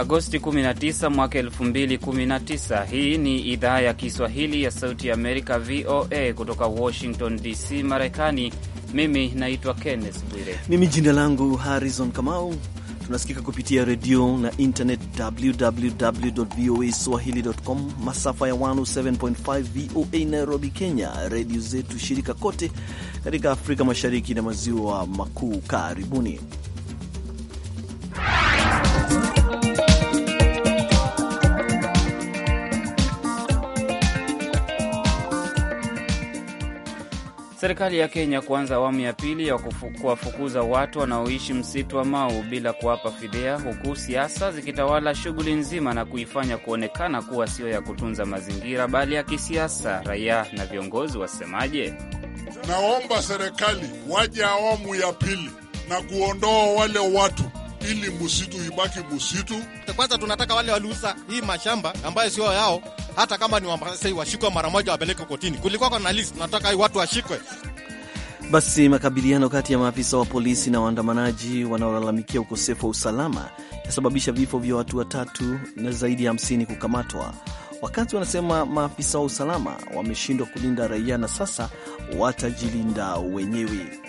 Agosti 19 mwaka 2019. Hii ni idhaa ya Kiswahili ya Sauti ya Amerika, VOA, kutoka Washington DC, Marekani. Mimi naitwa Kenneth Bwire. Mimi jina langu Harrison Kamau. Tunasikika kupitia redio na internet, www voa swahili.com, masafa ya 107.5 VOA Nairobi, Kenya, redio zetu shirika kote katika Afrika Mashariki na Maziwa Makuu. Karibuni. Serikali ya Kenya kuanza awamu ya pili ya kuwafukuza watu wanaoishi msitu wa Mau bila kuwapa fidia, huku siasa zikitawala shughuli nzima na kuifanya kuonekana kuwa sio ya kutunza mazingira bali ya kisiasa. Raia na viongozi wasemaje? Naomba serikali waje awamu ya pili na kuondoa wale watu ili msitu ibaki msitu. Kwanza tunataka wale waliuza hii mashamba ambayo sio yao hata kama ni Wamasai washikwe mara moja, wapeleke kotini. Kulikuwa na list, nataka watu washikwe. Basi makabiliano kati ya maafisa wa polisi na waandamanaji wanaolalamikia ukosefu wa usalama yasababisha vifo vya watu watatu na zaidi ya 50 kukamatwa, wakati wanasema maafisa wa usalama wameshindwa kulinda raia na sasa watajilinda wenyewe.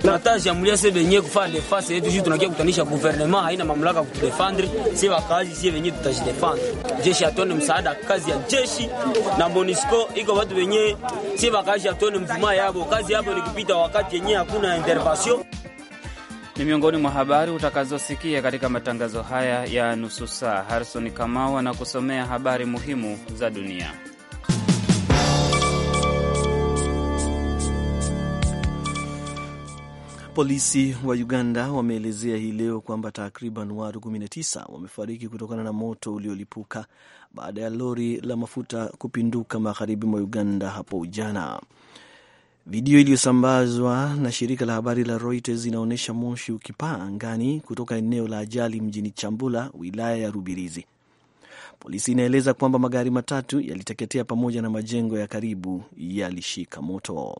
Tunataja amulia sisi wenyewe kufaa nafasi yetu, sisi tunakia kutanisha gouvernement haina mamlaka kutudefendre sisi, wakazi sisi wenyewe tutajidefendre. Jeshi atone msaada kazi ya jeshi na Monisco iko watu wenyewe, sisi wakazi atone mvuma yabo kazi yabo ni kupita wakati yenyewe hakuna intervention. Ni miongoni mwa habari utakazosikia katika matangazo haya ya nusu saa. Harrison Kamau anakusomea habari muhimu za dunia. Polisi wa Uganda wameelezea hii leo kwamba takriban watu 19 wamefariki kutokana na moto uliolipuka baada ya lori la mafuta kupinduka magharibi mwa Uganda hapo jana. Video iliyosambazwa na shirika la habari la Reuters inaonyesha moshi ukipaa angani kutoka eneo la ajali mjini Chambula, wilaya ya Rubirizi. Polisi inaeleza kwamba magari matatu yaliteketea pamoja na majengo ya karibu yalishika moto.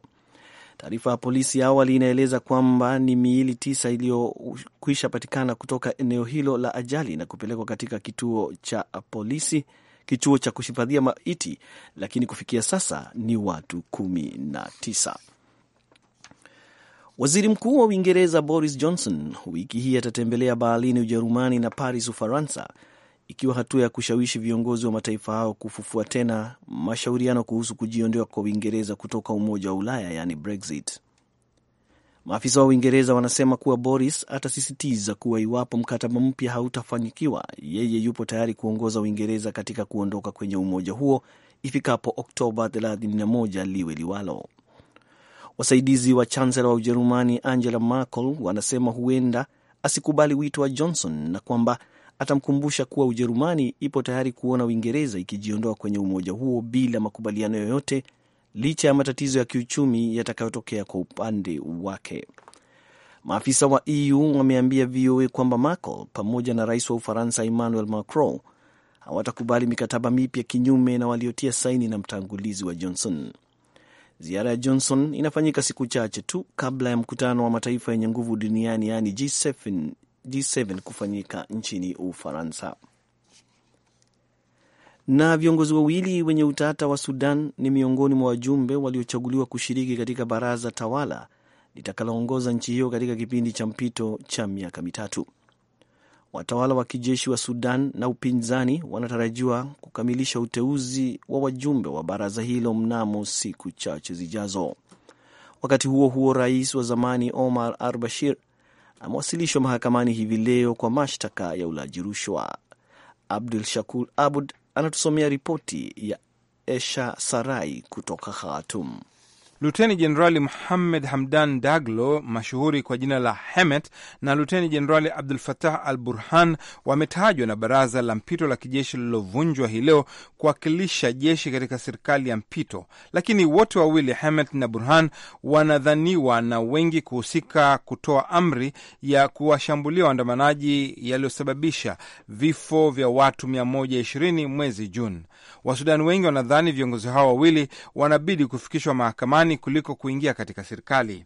Taarifa ya polisi ya awali inaeleza kwamba ni miili tisa iliyokwisha patikana kutoka eneo hilo la ajali na kupelekwa katika kituo cha polisi, kituo cha kuhifadhia maiti, lakini kufikia sasa ni watu kumi na tisa. Waziri Mkuu wa Uingereza Boris Johnson wiki hii atatembelea Berlin, Ujerumani na Paris, Ufaransa ikiwa hatua ya kushawishi viongozi wa mataifa hao kufufua tena mashauriano kuhusu kujiondoa kwa Uingereza kutoka Umoja wa Ulaya, yani Brexit. Maafisa wa Uingereza wanasema kuwa Boris atasisitiza kuwa iwapo mkataba mpya hautafanyikiwa, yeye yupo tayari kuongoza Uingereza katika kuondoka kwenye umoja huo ifikapo Oktoba 31 liwe liwalo. Wasaidizi wa chansela wa Ujerumani Angela Merkel wanasema huenda asikubali wito wa Johnson na kwamba atamkumbusha kuwa Ujerumani ipo tayari kuona Uingereza ikijiondoa kwenye umoja huo bila makubaliano yoyote licha ya matatizo ya kiuchumi yatakayotokea kwa upande wake. Maafisa wa EU wameambia VOA kwamba Merkel pamoja na rais wa Ufaransa Emmanuel Macron hawatakubali mikataba mipya kinyume na waliotia saini na mtangulizi wa Johnson. Ziara ya Johnson inafanyika siku chache tu kabla ya mkutano wa mataifa yenye nguvu duniani yaani G7 G7 kufanyika nchini Ufaransa. Na viongozi wawili wenye utata wa Sudan ni miongoni mwa wajumbe waliochaguliwa kushiriki katika baraza tawala litakaloongoza nchi hiyo katika kipindi cha mpito cha miaka mitatu. Watawala wa kijeshi wa Sudan na upinzani wanatarajiwa kukamilisha uteuzi wa wajumbe wa baraza hilo mnamo siku chache zijazo. Wakati huo huo, rais wa zamani Omar al Bashir amewasilishwa mahakamani hivi leo kwa mashtaka ya ulaji rushwa. Abdul Shakur Abud anatusomea ripoti ya Esha Sarai kutoka Khartoum. Luteni Jenerali Muhammed Hamdan Daglo, mashuhuri kwa jina la Hemet, na Luteni Jenerali Abdul Fatah Al Burhan wametajwa na baraza la mpito la kijeshi lililovunjwa hii leo kuwakilisha jeshi katika serikali ya mpito, lakini wote wawili, Hemet na Burhan, wanadhaniwa na wengi kuhusika kutoa amri ya kuwashambulia waandamanaji yaliyosababisha vifo vya watu 120 mwezi Juni. Wasudani wengi wanadhani viongozi hao wawili wanabidi kufikishwa mahakamani upinzani kuliko kuingia katika serikali.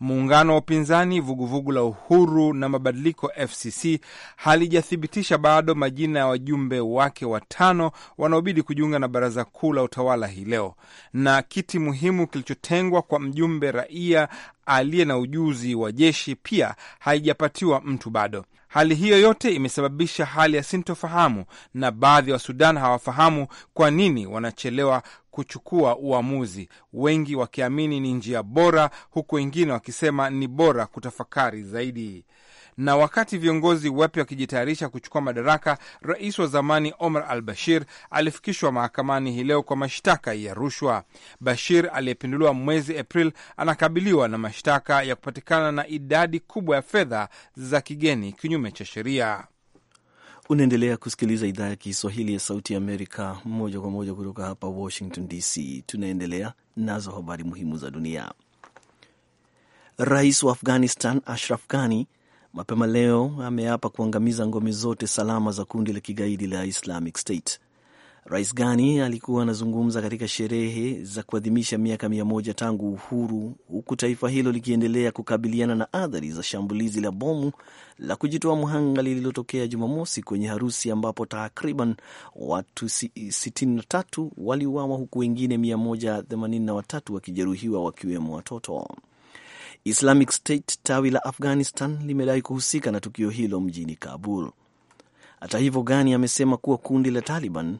Muungano wa upinzani vuguvugu la uhuru na mabadiliko FCC halijathibitisha bado majina ya wajumbe wake watano wanaobidi kujiunga na baraza kuu la utawala hii leo, na kiti muhimu kilichotengwa kwa mjumbe raia aliye na ujuzi wa jeshi pia haijapatiwa mtu bado. Hali hiyo yote imesababisha hali ya sintofahamu, na baadhi ya Wasudan hawafahamu kwa nini wanachelewa kuchukua uamuzi, wengi wakiamini ni njia bora, huku wengine wakisema ni bora kutafakari zaidi na wakati viongozi wapya wakijitayarisha kuchukua madaraka, rais wa zamani Omar al Bashir alifikishwa mahakamani hii leo kwa mashtaka ya rushwa. Bashir aliyepinduliwa mwezi april anakabiliwa na mashtaka ya kupatikana na idadi kubwa ya fedha za kigeni kinyume cha sheria. Unaendelea kusikiliza idhaa ya Kiswahili ya Sauti ya Amerika moja kwa moja kutoka hapa Washington DC. Tunaendelea nazo habari muhimu za dunia. Rais wa Afghanistan Ashraf Ghani mapema leo ameapa kuangamiza ngome zote salama za kundi la kigaidi la Islamic State. Rais Ghani alikuwa anazungumza katika sherehe za kuadhimisha miaka mia moja tangu uhuru, huku taifa hilo likiendelea kukabiliana na athari za shambulizi la bomu la kujitoa mhanga lililotokea Jumamosi kwenye harusi ambapo takriban watu 63 waliuawa huku wengine 183 wakijeruhiwa wakiwemo watoto. Islamic State tawi la Afghanistan limedai kuhusika na tukio hilo mjini Kabul. Hata hivyo, Ghani amesema kuwa kundi la Taliban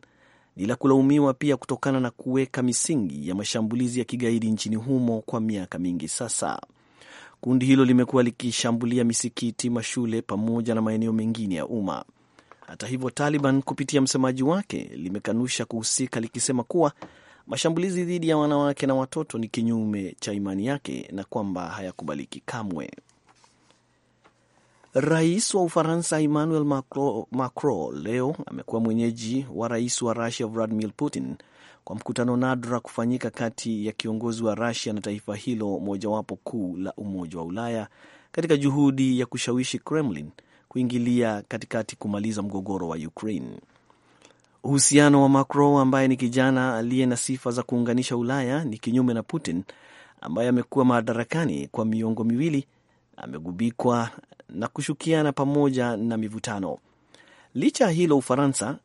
ni la kulaumiwa pia kutokana na kuweka misingi ya mashambulizi ya kigaidi nchini humo kwa miaka mingi sasa. Kundi hilo limekuwa likishambulia misikiti, mashule pamoja na maeneo mengine ya umma. Hata hivyo, Taliban kupitia msemaji wake limekanusha kuhusika likisema kuwa mashambulizi dhidi ya wanawake na watoto ni kinyume cha imani yake na kwamba hayakubaliki kamwe. Rais wa Ufaransa Emmanuel Macron, Macron leo amekuwa mwenyeji wa rais wa Rusia Vladimir Putin kwa mkutano nadra kufanyika kati ya kiongozi wa Rusia na taifa hilo mojawapo kuu la Umoja wa Ulaya katika juhudi ya kushawishi Kremlin kuingilia katikati kumaliza mgogoro wa Ukraine. Uhusiano wa Macron ambaye ni kijana aliye na sifa za kuunganisha Ulaya ni kinyume na Putin ambaye amekuwa madarakani kwa miongo miwili, amegubikwa na kushukiana pamoja na mivutano. Licha ya hilo, Ufaransa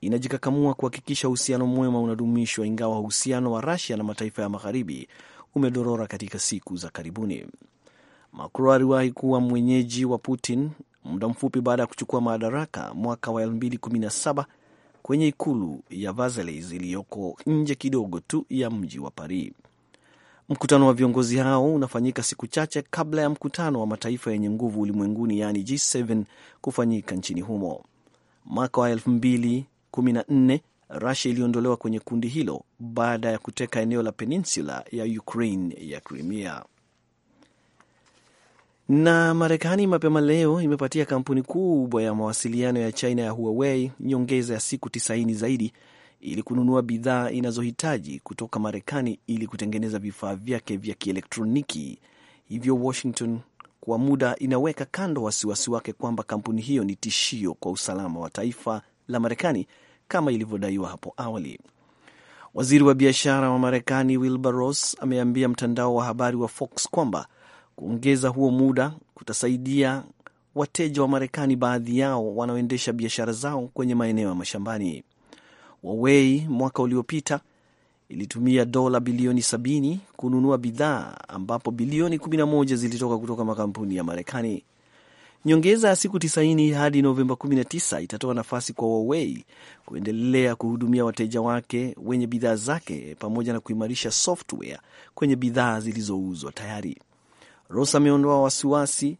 inajikakamua kuhakikisha uhusiano mwema unadumishwa, ingawa uhusiano wa Rusia na mataifa ya magharibi umedorora katika siku za karibuni. Macron aliwahi kuwa mwenyeji wa Putin muda mfupi baada ya kuchukua madaraka mwaka wa 2017 kwenye ikulu ya Versailles iliyoko nje kidogo tu ya mji wa Paris. Mkutano wa viongozi hao unafanyika siku chache kabla ya mkutano wa mataifa yenye nguvu ulimwenguni, yaani G7 kufanyika nchini humo. Mwaka wa 2014 russia iliondolewa kwenye kundi hilo baada ya kuteka eneo la peninsula ya Ukraine ya Crimea. Na Marekani mapema leo imepatia kampuni kubwa ya mawasiliano ya China ya Huawei nyongeza ya siku 90 zaidi ili kununua bidhaa inazohitaji kutoka Marekani ili kutengeneza vifaa vyake vya kielektroniki. Hivyo Washington kwa muda inaweka kando wasiwasi wake kwamba kampuni hiyo ni tishio kwa usalama wa taifa la Marekani kama ilivyodaiwa hapo awali. Waziri wa biashara wa Marekani Wilbur Ross ameambia mtandao wa habari wa Fox kwamba Kuongeza huo muda kutasaidia wateja wa Marekani, baadhi yao wanaoendesha biashara zao kwenye maeneo ya mashambani. Huawei mwaka uliopita ilitumia dola bilioni 70 kununua bidhaa ambapo bilioni 11 zilitoka kutoka makampuni ya Marekani. Nyongeza ya siku 90 hadi Novemba 19 itatoa nafasi kwa Huawei kuendelea kuhudumia wateja wake wenye bidhaa zake pamoja na kuimarisha software kwenye bidhaa zilizouzwa tayari ros ameondoa wasiwasi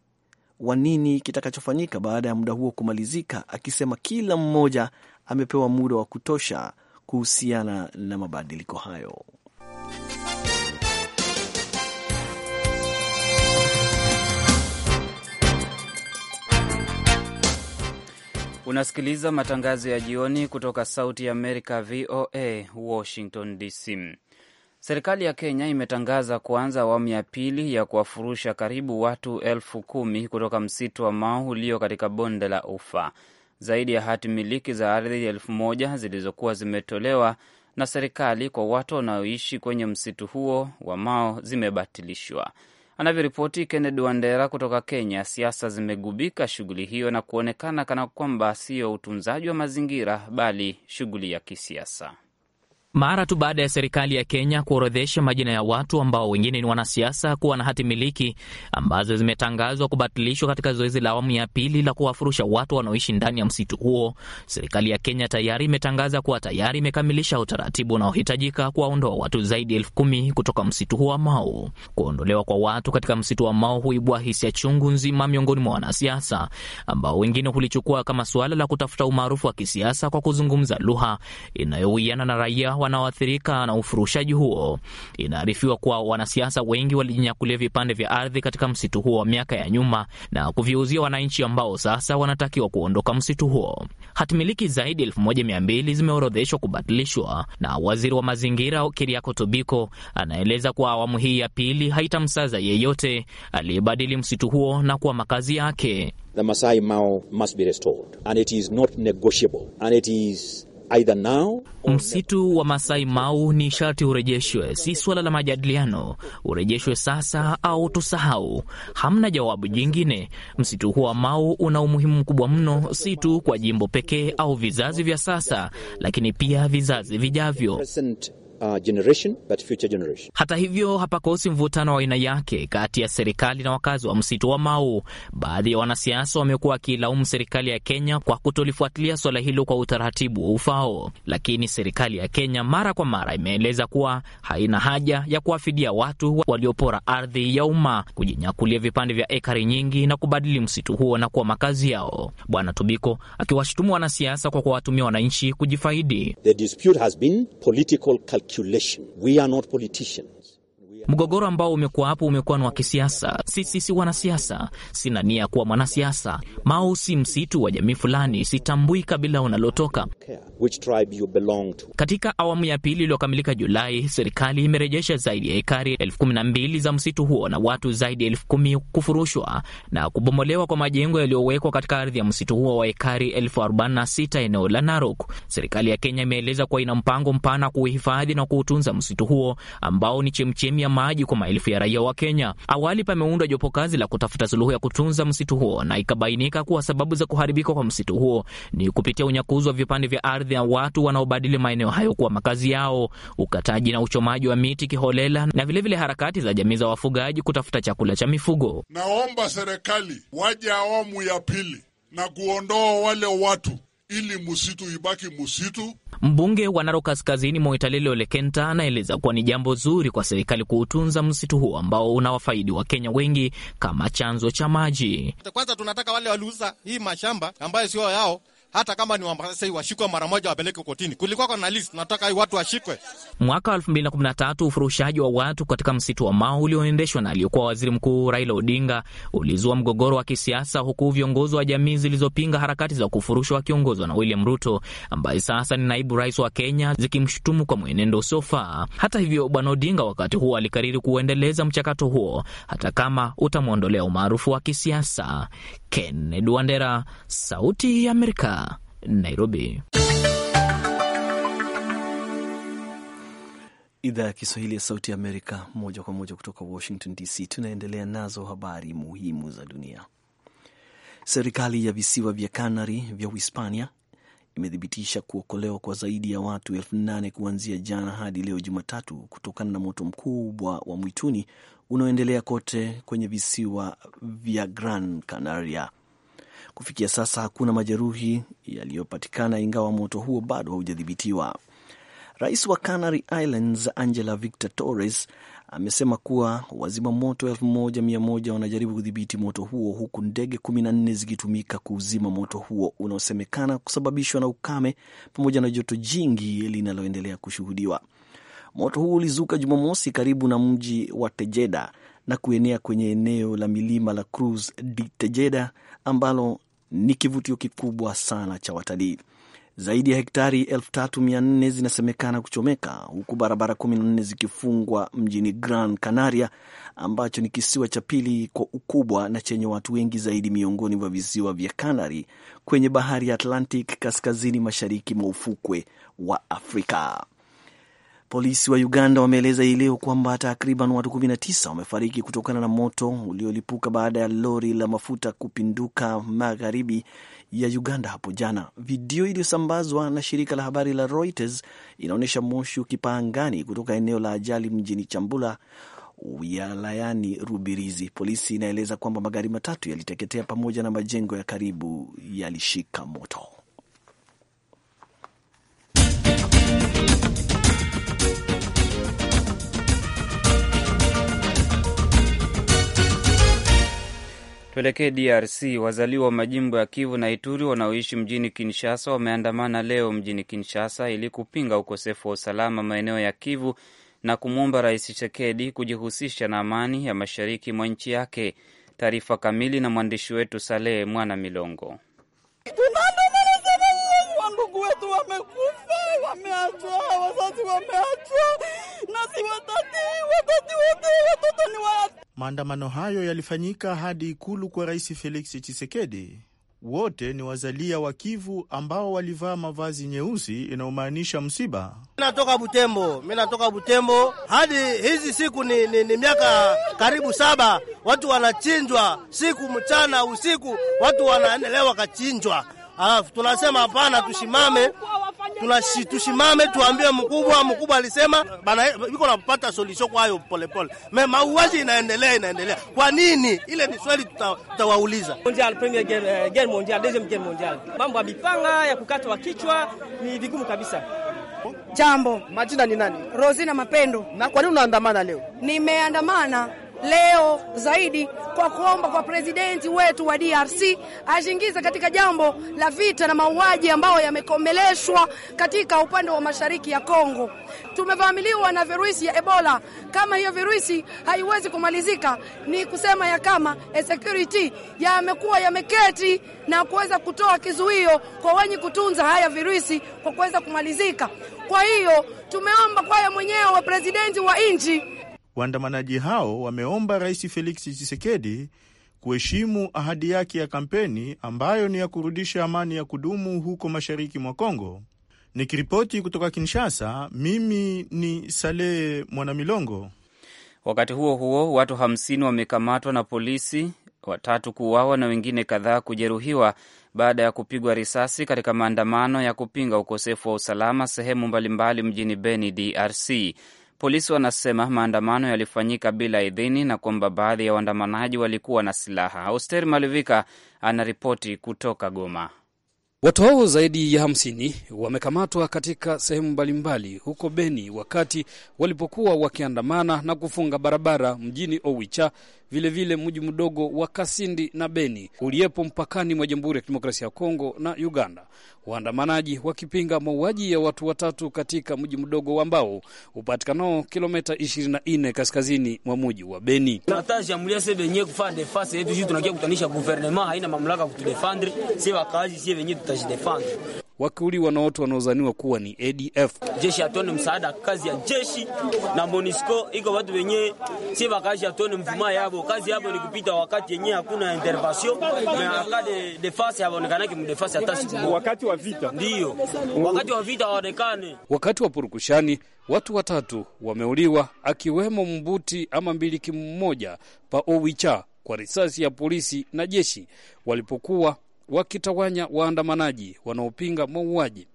wa nini kitakachofanyika baada ya muda huo kumalizika, akisema kila mmoja amepewa muda wa kutosha kuhusiana na mabadiliko hayo. Unasikiliza matangazo ya jioni kutoka Sauti ya Amerika, VOA, Washington DC. Serikali ya Kenya imetangaza kuanza awamu ya pili ya kuwafurusha karibu watu elfu kumi kutoka msitu wa Mau ulio katika bonde la Ufa. Zaidi ya hati miliki za ardhi elfu moja zilizokuwa zimetolewa na serikali kwa watu wanaoishi kwenye msitu huo wa Mao zimebatilishwa. Anavyoripoti Kennedy Wandera kutoka Kenya, siasa zimegubika shughuli hiyo na kuonekana kana kwamba siyo utunzaji wa mazingira bali shughuli ya kisiasa. Mara tu baada ya serikali ya Kenya kuorodhesha majina ya watu ambao wengine ni wanasiasa kuwa na hati miliki ambazo zimetangazwa kubatilishwa katika zoezi la awamu ya pili la kuwafurusha watu wanaoishi ndani ya msitu huo, serikali ya Kenya tayari imetangaza kuwa tayari imekamilisha utaratibu unaohitajika kuwaondoa watu zaidi ya elfu kumi kutoka msitu huo wa Mau. Kuondolewa kwa watu katika msitu wa Mau huibua hisia chungu nzima miongoni mwa wanasiasa ambao wengine hulichukua kama suala la kutafuta umaarufu wa kisiasa kwa kuzungumza lugha inayowiana na raia wanaoathirika na ufurushaji huo. Inaarifiwa kuwa wanasiasa wengi walijinyakulia vipande vya ardhi katika msitu huo wa miaka ya nyuma na kuviuzia wananchi ambao sasa wanatakiwa kuondoka msitu huo. Hatimiliki zaidi elfu moja mia mbili zimeorodheshwa kubatilishwa, na waziri wa mazingira Keriako Tobiko anaeleza kuwa awamu hii ya pili haitamsaza yeyote aliyebadili msitu huo na kuwa makazi yake. The Masai must be restored and it is not negotiable and it is either now or... msitu wa Masai Mau ni sharti urejeshwe, si suala la majadiliano. Urejeshwe sasa au tusahau, hamna jawabu jingine. Msitu huo wa Mau una umuhimu mkubwa mno, si tu kwa jimbo pekee au vizazi vya sasa, lakini pia vizazi vijavyo uh, generation but future generation. Hata hivyo hapakosi mvutano wa aina yake kati ya serikali na wakazi wa msitu wa Mau. Baadhi ya wanasiasa wamekuwa wakiilaumu serikali ya Kenya kwa kutolifuatilia swala hilo kwa utaratibu wa ufao, lakini serikali ya Kenya mara kwa mara imeeleza kuwa haina haja ya kuwafidia watu waliopora ardhi ya umma, kujinyakulia vipande vya ekari nyingi na kubadili msitu huo na kuwa makazi yao. Bwana tubiko akiwashutumu wanasiasa kwa kuwatumia wananchi kujifaidi. The dispute has been political calculation. We are not politicians. Mgogoro ambao umekuwa hapo umekuwa ni wa kisiasa. Sisi si wanasiasa, sina nia ya kuwa mwanasiasa. Mao si msitu wa jamii fulani, sitambui kabila unalotoka. Katika awamu ya pili iliyokamilika Julai, serikali imerejesha zaidi ya ekari elfu kumi na mbili za msitu huo na watu zaidi ya elfu kumi kufurushwa na kubomolewa kwa majengo yaliyowekwa katika ardhi ya msitu huo wa ekari elfu arobaini na sita eneo la Narok. Serikali ya Kenya imeeleza kuwa ina mpango mpana kuuhifadhi na kuutunza msitu huo ambao ni chemchemi ya maji kwa maelfu ya raia wa Kenya. Awali pameundwa jopo kazi la kutafuta suluhu ya kutunza msitu huo, na ikabainika kuwa sababu za kuharibika kwa msitu huo ni kupitia unyakuzi wa vipande vya ardhi ya watu wanaobadili maeneo hayo kuwa makazi yao, ukataji na uchomaji wa miti kiholela, na vilevile vile harakati za jamii za wafugaji kutafuta chakula cha mifugo. Naomba serikali waje awamu ya pili na kuondoa wale watu ili msitu ibaki msitu. Mbunge wa Narok Kaskazini Moitaleli Ole Kenta anaeleza kuwa ni jambo zuri kwa serikali kuutunza msitu huo ambao unawafaidi Wakenya wengi kama chanzo cha maji. Kwanza tunataka wale waliuza hii mashamba ambayo sio yao hata kama ni Wambasasi washikwe mara moja, wapeleke kotini. Kulikuwa na list, nataka watu washikwe. Mwaka wa 2013 ufurushaji wa watu katika msitu wa Mau ulioendeshwa na aliyekuwa waziri mkuu Raila Odinga ulizua mgogoro wa kisiasa, huku viongozi wa jamii zilizopinga harakati za kufurushwa wakiongozwa na William Ruto ambaye sasa ni naibu rais wa Kenya zikimshutumu kwa mwenendo usiofaa. Hata hivyo, bwana Odinga wakati huo alikariri kuendeleza mchakato huo hata kama utamwondolea umaarufu wa kisiasa. Kennedy Wandera, Sauti ya Amerika. Nairobi. Idhaa ya Kiswahili ya Sauti ya Amerika, moja kwa moja kutoka Washington DC. Tunaendelea nazo habari muhimu za dunia. Serikali ya visiwa vya Kanari vya Uhispania imethibitisha kuokolewa kwa zaidi ya watu elfu nane kuanzia jana hadi leo Jumatatu kutokana na moto mkubwa wa mwituni unaoendelea kote kwenye visiwa vya Gran Canaria. Kufikia sasa hakuna majeruhi yaliyopatikana, ingawa moto huo bado haujadhibitiwa. Rais wa Canary Islands Angela Victor Torres amesema kuwa wazima moto 1100 wanajaribu kudhibiti moto huo huku ndege 14 zikitumika kuuzima moto huo unaosemekana kusababishwa na ukame pamoja na joto jingi linaloendelea kushuhudiwa. Moto huo ulizuka Jumamosi karibu na mji wa Tejeda na kuenea kwenye eneo la milima la Cruz de Tejeda ambalo ni kivutio kikubwa sana cha watalii. Zaidi ya hektari 3400 zinasemekana kuchomeka huku barabara 14 zikifungwa mjini Gran Canaria, ambacho ni kisiwa cha pili kwa ukubwa na chenye watu wengi zaidi miongoni mwa visiwa vya Canary kwenye bahari ya Atlantic, kaskazini mashariki mwa ufukwe wa Afrika. Polisi wa Uganda wameeleza hii leo kwamba takriban watu 19 wamefariki kutokana na moto uliolipuka baada ya lori la mafuta kupinduka magharibi ya Uganda hapo jana. Video iliyosambazwa na shirika la habari la Reuters inaonyesha moshi ukipaa angani kutoka eneo la ajali mjini Chambula wilayani Rubirizi. Polisi inaeleza kwamba magari matatu yaliteketea pamoja na majengo ya karibu yalishika moto. Tuelekee DRC. Wazaliwa wa majimbo ya Kivu na Ituri wanaoishi mjini Kinshasa wameandamana leo mjini Kinshasa ili kupinga ukosefu wa usalama maeneo ya Kivu na kumwomba Rais Tshisekedi kujihusisha na amani ya mashariki mwa nchi yake. Taarifa kamili na mwandishi wetu Salehe Mwana Milongo. Wandugu wetu wamekufa, wameachwa, wazazi wameachwa, nasi watati watati wote watoto ni Maandamano hayo yalifanyika hadi ikulu kwa Rais Felix chisekedi Wote ni wazalia wa Kivu ambao walivaa mavazi nyeusi inayomaanisha msiba. minatoka Butembo, minatoka Butembo. Hadi hizi siku ni, ni, ni miaka karibu saba, watu wanachinjwa siku mchana usiku, watu wanaendelea wakachinjwa alafu tunasema hapana, tusimame tunashi, tusimame tuambie mkubwa. Mkubwa alisema bana, iko napata solution kwa hayo polepole. Me mauaji inaendelea inaendelea, kwa nini? Ile ni swali tutawauliza. Mondial premier guerre, eh, guerre deuxième guerre mondial. mambo ya mipanga ya kukatwa kichwa ni vigumu kabisa. Jambo, majina ni nani? Rosina Mapendo. Na kwa nini unaandamana leo? Nimeandamana leo zaidi kwa kuomba kwa presidenti wetu wa DRC ajiingize katika jambo la vita na mauaji ambayo yamekomeleshwa katika upande wa mashariki ya Kongo. Tumevamiliwa na virusi ya Ebola. Kama hiyo virusi haiwezi kumalizika, ni kusema ya kama e security yamekuwa yameketi na kuweza kutoa kizuio kwa wenye kutunza haya virusi kwa kuweza kumalizika. Kwa hiyo tumeomba kwa yeye mwenyewe presidenti wa nchi Waandamanaji hao wameomba Rais Felix Tshisekedi kuheshimu ahadi yake ya kampeni ambayo ni ya kurudisha amani ya kudumu huko mashariki mwa Kongo. Nikiripoti kutoka Kinshasa, mimi ni Saleh Mwanamilongo. Wakati huo huo, watu 50 wamekamatwa na polisi, watatu kuuawa na wengine kadhaa kujeruhiwa baada ya kupigwa risasi katika maandamano ya kupinga ukosefu wa usalama sehemu mbalimbali mjini Beni, DRC. Polisi wanasema maandamano yalifanyika bila idhini na kwamba baadhi ya waandamanaji walikuwa na silaha. Auster Malivika anaripoti kutoka Goma. Watu hao zaidi ya hamsini wamekamatwa katika sehemu mbalimbali huko Beni wakati walipokuwa wakiandamana na kufunga barabara mjini Owicha, vilevile mji mdogo wa Kasindi na Beni uliyepo mpakani mwa Jamhuri ya Kidemokrasia ya Kongo na Uganda waandamanaji wakipinga mauaji ya watu watatu katika mji mdogo wa Mbao upatikanao kilomita 24 kaskazini mwa muji wa Beni. Natashambulia sie venyewe kufaa defense yetu, sisi tunakia kutanisha guvernema haina mamlaka kutudefendre, sie wakaazi sie venyewe tutajidefendre wakiuliwa na watu wanaozaniwa kuwa ni ADF. Jeshi hatuone msaada, kazi ya jeshi na Monisco iko watu wenyewe, si bakashi hatuone mvuma yabo, kazi yabo ni kupita wakati yenyewe hakuna intervention na wakati de fasi hawaonekanaki mdefasi hata siku wakati wa vita. Ndio. Wakati wa vita hawaonekane. Wakati wa purukushani watu watatu wameuliwa akiwemo mbuti ama mbiliki mmoja pa Owicha kwa risasi ya polisi na jeshi walipokuwa wakitawanya waandamanaji wanaopinga mauaji.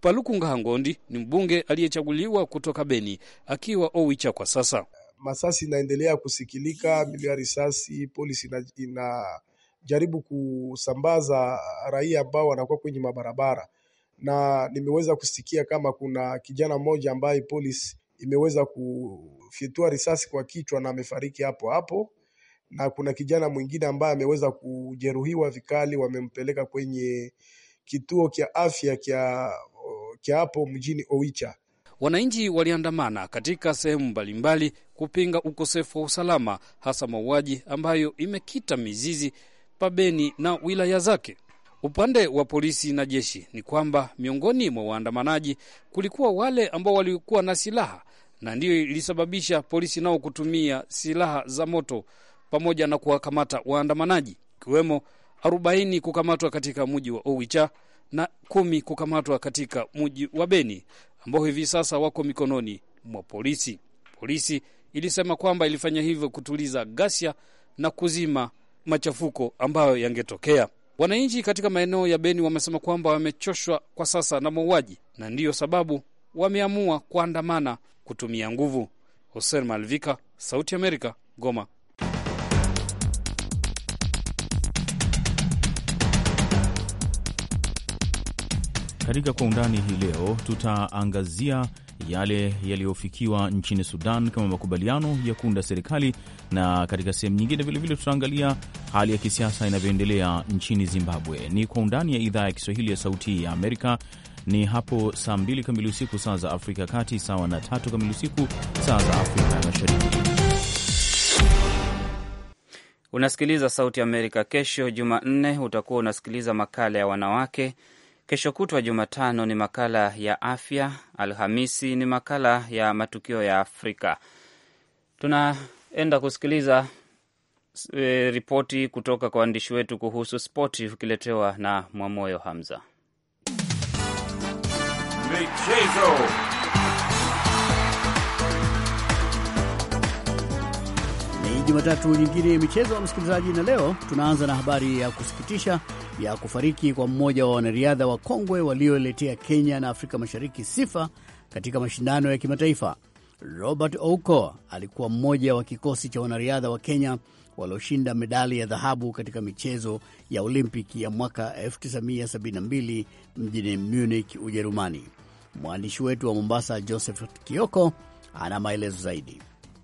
Paluku Ngahangondi ni mbunge aliyechaguliwa kutoka Beni akiwa Owicha kwa sasa. Masasi inaendelea kusikilika, milio ya risasi, polisi inajaribu kusambaza raia ambao wanakuwa kwenye mabarabara, na nimeweza kusikia kama kuna kijana mmoja ambaye polisi imeweza kufyatua risasi kwa kichwa na amefariki hapo hapo na kuna kijana mwingine ambaye ameweza kujeruhiwa vikali, wamempeleka kwenye kituo kya afya kya kya hapo mjini Oicha. Wananchi waliandamana katika sehemu mbalimbali kupinga ukosefu wa usalama, hasa mauaji ambayo imekita mizizi pabeni na wilaya zake. Upande wa polisi na jeshi ni kwamba miongoni mwa waandamanaji kulikuwa wale ambao walikuwa na silaha, na ndiyo ilisababisha polisi nao kutumia silaha za moto pamoja na kuwakamata waandamanaji ikiwemo 40 kukamatwa katika mji wa Owicha na kumi kukamatwa katika mji wa Beni ambao hivi sasa wako mikononi mwa polisi. Polisi ilisema kwamba ilifanya hivyo kutuliza ghasia na kuzima machafuko ambayo yangetokea. Wananchi katika maeneo ya Beni wamesema kwamba wamechoshwa kwa sasa na mauaji na ndiyo sababu wameamua kuandamana kutumia nguvu. Hosen Malvika, Sauti Amerika, Goma. Katika Kwa Undani hii leo tutaangazia yale yaliyofikiwa nchini Sudan kama makubaliano ya kuunda serikali, na katika sehemu nyingine vilevile tutaangalia hali ya kisiasa inavyoendelea nchini Zimbabwe. Ni Kwa Undani ya idhaa ya Kiswahili ya Sauti ya Amerika. Ni hapo saa 2 kamili usiku saa za Afrika ya Kati, sawa na tatu kamili usiku saa za Afrika Mashariki. Unasikiliza Sauti Amerika. Kesho Jumanne utakuwa unasikiliza makala ya wanawake Kesho kutwa Jumatano ni makala ya afya, Alhamisi ni makala ya matukio ya Afrika. Tunaenda kusikiliza e, ripoti kutoka kwa waandishi wetu kuhusu spoti, ukiletewa na Mwamoyo Hamza. Michezo. Jumatatu nyingine ya michezo, msikilizaji, na leo tunaanza na habari ya kusikitisha ya kufariki kwa mmoja wa wanariadha wa kongwe walioletea Kenya na Afrika Mashariki sifa katika mashindano ya kimataifa. Robert Ouko alikuwa mmoja wa kikosi cha wanariadha wa Kenya walioshinda medali ya dhahabu katika michezo ya Olimpiki ya mwaka 1972 mjini Munich, Ujerumani. Mwandishi wetu wa Mombasa, Joseph Kioko, ana maelezo zaidi.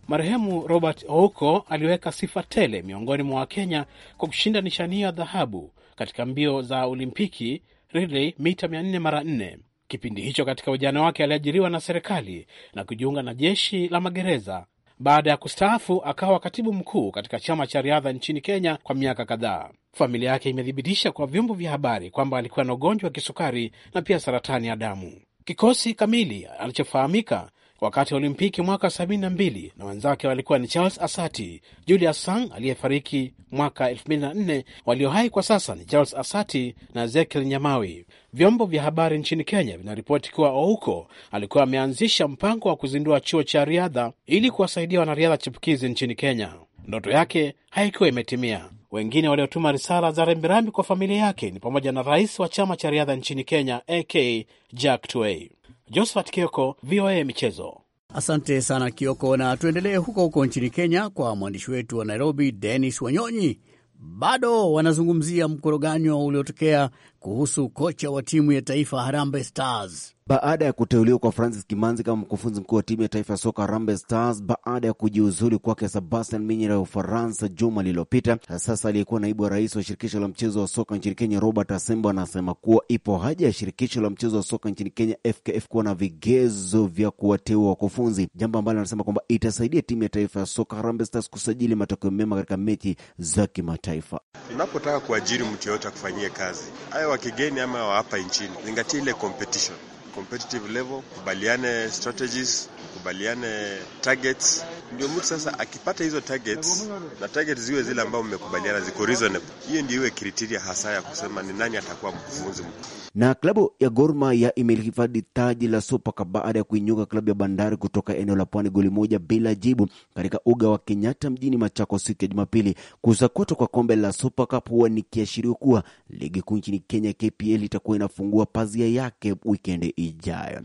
Marehemu Robert Ouko aliweka sifa tele miongoni mwa Wakenya kwa kushinda nishani ya dhahabu katika mbio za Olimpiki relay mita 400 mara 4. Kipindi hicho katika ujana wake aliajiriwa na serikali na kujiunga na jeshi la magereza. Baada ya kustaafu akawa katibu mkuu katika chama cha riadha nchini Kenya kwa miaka kadhaa. Familia yake imethibitisha kwa vyombo vya habari kwamba alikuwa na ugonjwa wa kisukari na pia saratani ya damu. Kikosi kamili alichofahamika wakati wa Olimpiki mwaka 72 na wenzake walikuwa ni Charles Asati, Julius Sang aliyefariki mwaka 2004. Waliohai kwa sasa ni Charles Asati na zekel Nyamawi. Vyombo vya habari nchini Kenya vinaripoti kuwa Ouko alikuwa ameanzisha mpango wa kuzindua chuo cha riadha ili kuwasaidia wanariadha chipukizi nchini Kenya. Ndoto yake haikuwa imetimia. Wengine waliotuma risala za rambirambi kwa familia yake ni pamoja na rais wa chama cha riadha nchini Kenya AK Jack Tway. Josephat Kioko, VOA Michezo. Asante sana Kioko, na tuendelee huko huko nchini Kenya kwa mwandishi wetu wa Nairobi, Denis Wanyonyi. Bado wanazungumzia mkoroganyo uliotokea kuhusu kocha wa timu ya taifa Harambee Stars. Baada ya kuteuliwa kwa Francis Kimanzi kama mkufunzi mkuu wa timu ya taifa ya soka Harambee Stars, baada ya kujiuzulu kwake Sebastian Minyera ya Ufaransa juma lililopita, sasa aliyekuwa naibu wa rais wa shirikisho la mchezo wa soka nchini Kenya Robert Asembo anasema kuwa ipo haja ya shirikisho la mchezo wa soka nchini Kenya FKF kuwa na vigezo vya kuwateua wakufunzi, jambo ambalo anasema kwamba itasaidia timu ya taifa ya soka Harambee Stars kusajili matokeo mema katika mechi za kimataifa. unapotaka kuajiri mtu yoyote akufanyie kazi, hayo wa kigeni ama wa hapa nchini, zingatia ile competition competitive level, kubaliane strategies, kubaliane targets, ndio mtu sasa akipata hizo targets na targets ziwe zile ambao mmekubaliana ziko reasonable, hiyo ndio iwe kriteria hasa ya kusema ni nani atakuwa mkufunzi mkuu. Na klabu ya Gor Mahia imelihifadhi taji la Super baada ya kuinyuka klabu ya Bandari kutoka eneo la Pwani goli moja bila jibu katika uga wa Kenyatta mjini Machako siku ya Jumapili. Kusakotwa kwa kombe la Super Cup huwa ni kiashirio kuwa ligi kuu nchini Kenya KPL itakuwa inafungua pazia yake wikendi ijayo.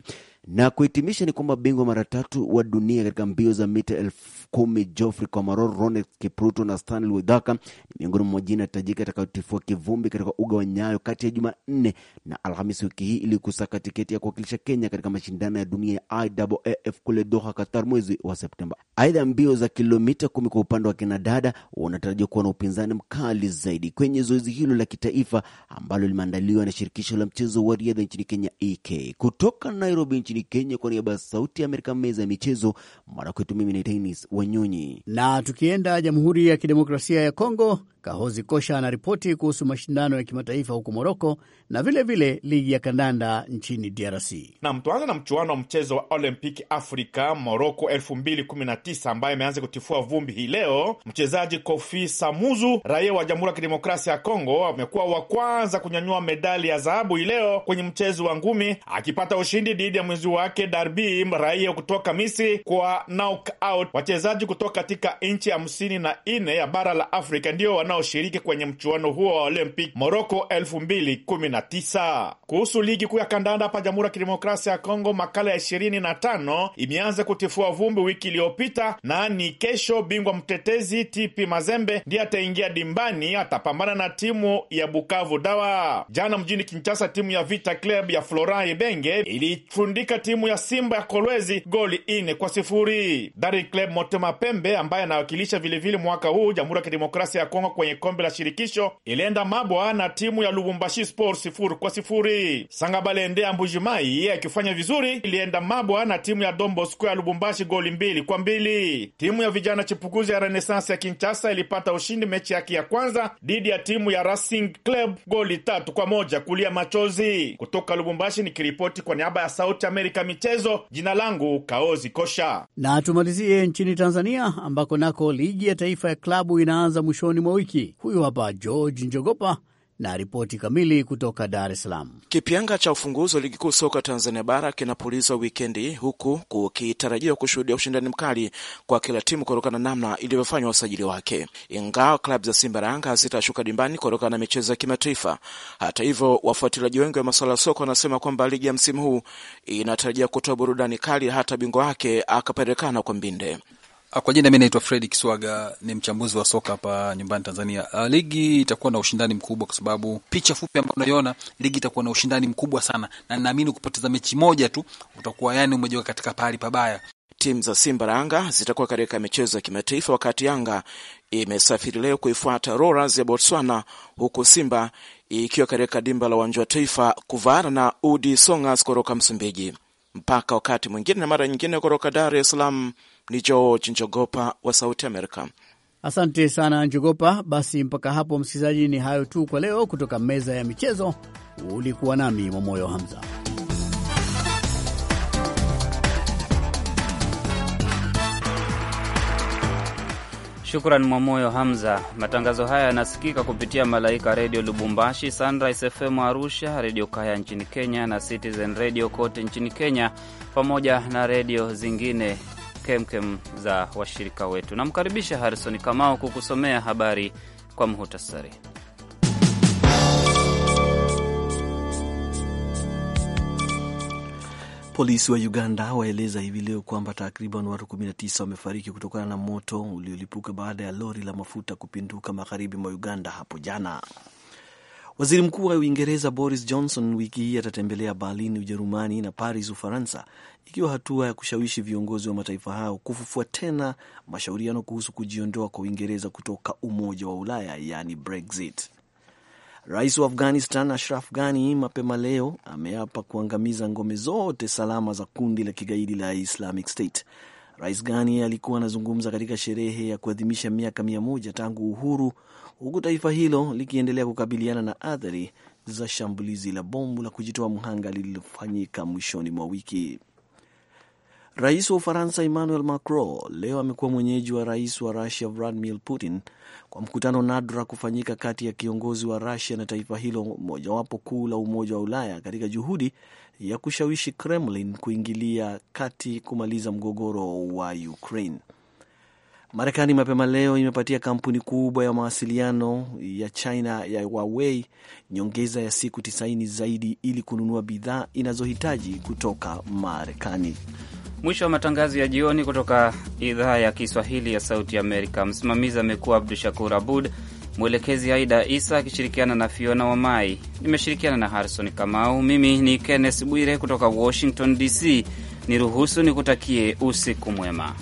Na kuhitimisha ni kwamba bingwa mara tatu wa dunia katika mbio za mita elfu kumi Geoffrey Kamworor, Ronald Kipruto na Stanley Widhaka ni miongoni mwa jina tajika atakaotifua kivumbi katika uga wa Nyayo kati ya Jumanne na Alhamisi wiki hii ili kusaka tiketi ya kuwakilisha Kenya katika mashindano ya dunia ya IAAF kule Doha, Qatar mwezi wa Septemba. Aidha, mbio za kilomita kumi kwa upande wa kinadada unatarajiwa kuwa na upinzani mkali zaidi kwenye zoezi hilo la kitaifa ambalo limeandaliwa na shirikisho la mchezo wa riadha nchini Kenya, EK. kutoka Nairobi nchini nchini Kenya. Kwa niaba ya Sauti ya Amerika, meza ya michezo, mwanakwetu mimi ni tenis Wanyonyi. Na tukienda Jamhuri ya Kidemokrasia ya Kongo, Kahozi Kosha anaripoti kuhusu mashindano ya kimataifa huko Moroko na vilevile ligi ya kandanda nchini DRC. Nam, tuanze na mchuano wa mchezo wa Olympic Africa Moroko 2019 ambaye ameanza kutifua vumbi hii leo. Mchezaji Kofi Samuzu, raia wa Jamhuri ya Kidemokrasia ya Kongo, amekuwa wa kwanza kunyanyua medali ya dhahabu hii leo kwenye mchezo wa ngumi, akipata ushindi dhidi ya mwenzi wake Darbi, raia kutoka Misri, kwa knockout. Wachezaji kutoka katika nchi hamsini na nne ya bara la Afrika ndio wanaoshiriki kwenye mchuano huo wa Olympic Morocco 2019. Kuhusu ligi kuu ya kandanda hapa Jamhuri ya Kidemokrasia ya Kongo, makala ya 25 imeanza kutifua vumbi wiki iliyopita, na ni kesho bingwa mtetezi TP Mazembe ndiye ataingia dimbani, atapambana na timu ya Bukavu Dawa. Jana mjini Kinshasa, timu ya Vita Club ya Florent Ibenge ilifundika timu ya Simba ya Kolwezi goli ine kwa sifuri. Dari Club Motema Pembe ambaye anawakilisha vilevile mwaka huu Jamhuri ya Kidemokrasia ya Kongo kwenye kombe la shirikisho ilienda mabwa na timu ya Lubumbashi Sport sifuri kwa sifuri. Sangabalende Ambujimai yeye akifanya vizuri, ilienda mabwa na timu ya Dombo Square ya Lubumbashi goli mbili kwa mbili. Timu ya vijana chipukuzi ya Renaissance ya Kinshasa ilipata ushindi mechi yake ya kwanza dhidi ya timu ya Racing Club goli tatu kwa moja. Kulia machozi kutoka Lubumbashi, ni kiripoti kwa niaba ya Sauti Amerika michezo, jina langu Kaozi Kosha. Na tumalizie nchini Tanzania ambako nako ligi ya taifa ya klabu inaanza mwishoni mwa wiki wiki. Huyu hapa George Njogopa na ripoti kamili kutoka Dar es Salaam. Kipenga cha ufunguzi wa ligi kuu soka Tanzania bara kinapulizwa wikendi, huku kukitarajiwa kushuhudia ushindani mkali kwa kila timu kutokana na namna ilivyofanywa usajili wake. Ingawa klabu za Simba na Yanga hazitashuka dimbani kutokana na michezo ya kimataifa, hata hivyo, wafuatiliaji wengi wa masuala ya soka wanasema kwamba ligi ya msimu huu inatarajia kutoa burudani kali, hata bingwa wake akapelekana kwa mbinde. Ah, kwa jina mi naitwa Fredi Kiswaga, ni mchambuzi wa soka hapa nyumbani Tanzania. Ah, ligi itakuwa na ushindani mkubwa, kwa sababu picha fupi ambayo unaiona, ligi itakuwa na ushindani mkubwa sana, na ninaamini kupoteza mechi moja tu utakuwa yani umejiweka katika pahali pabaya. Timu za Simba na Yanga zitakuwa katika michezo ya kimataifa, wakati Yanga imesafiri leo kuifuata Roras ya Botswana, huku Simba ikiwa katika dimba la uwanja wa Taifa kuvaana na Udi Songas kutoka Msumbiji. Mpaka wakati mwingine na mara nyingine, kutoka Dar es Salaam ni George Njogopa wa Sauti Amerika. Asante sana Njogopa. Basi mpaka hapo, msikilizaji, ni hayo tu kwa leo kutoka meza ya michezo. Ulikuwa nami mwamoyo Hamza. Shukran Mwamoyo Hamza. Matangazo haya yanasikika kupitia Malaika Redio Lubumbashi, Sunrise FM Arusha, Redio Kaya nchini Kenya na Citizen Redio kote nchini Kenya, pamoja na redio zingine kemkem za washirika wetu. Namkaribisha Harison Kamau kukusomea habari kwa muhtasari. Polisi wa Uganda waeleza hivi leo kwamba takriban watu 19 wamefariki kutokana na moto uliolipuka baada ya lori la mafuta kupinduka magharibi mwa Uganda hapo jana. Waziri Mkuu wa Uingereza Boris Johnson wiki hii atatembelea Berlin, Ujerumani na Paris, Ufaransa, ikiwa hatua ya kushawishi viongozi wa mataifa hayo kufufua tena mashauriano kuhusu kujiondoa kwa Uingereza kutoka Umoja wa Ulaya, yaani Brexit. Rais wa Afghanistan Ashraf Ghani mapema leo ameapa kuangamiza ngome zote salama za kundi la kigaidi la Islamic State. Rais Ghani alikuwa anazungumza katika sherehe ya kuadhimisha miaka mia moja tangu uhuru huku taifa hilo likiendelea kukabiliana na athari za shambulizi la bomu la kujitoa mhanga lililofanyika mwishoni mwa wiki. Rais wa Ufaransa Emmanuel Macron leo amekuwa mwenyeji wa rais wa Rusia Vladimir Putin kwa mkutano nadra kufanyika kati ya kiongozi wa Rusia na taifa hilo mojawapo kuu la Umoja wa Ulaya katika juhudi ya kushawishi Kremlin kuingilia kati kumaliza mgogoro wa Ukraine. Marekani mapema leo imepatia kampuni kubwa ya mawasiliano ya China ya Huawei nyongeza ya siku 90 zaidi ili kununua bidhaa inazohitaji kutoka Marekani. Mwisho wa matangazo ya jioni kutoka idhaa ya Kiswahili ya Sauti Amerika. Msimamizi amekuwa Abdu Shakur Abud, mwelekezi Aida Isa akishirikiana na Fiona Wamai. Nimeshirikiana na Harrison Kamau. Mimi ni Kenneth Bwire kutoka Washington DC. Niruhusu nikutakie usiku mwema.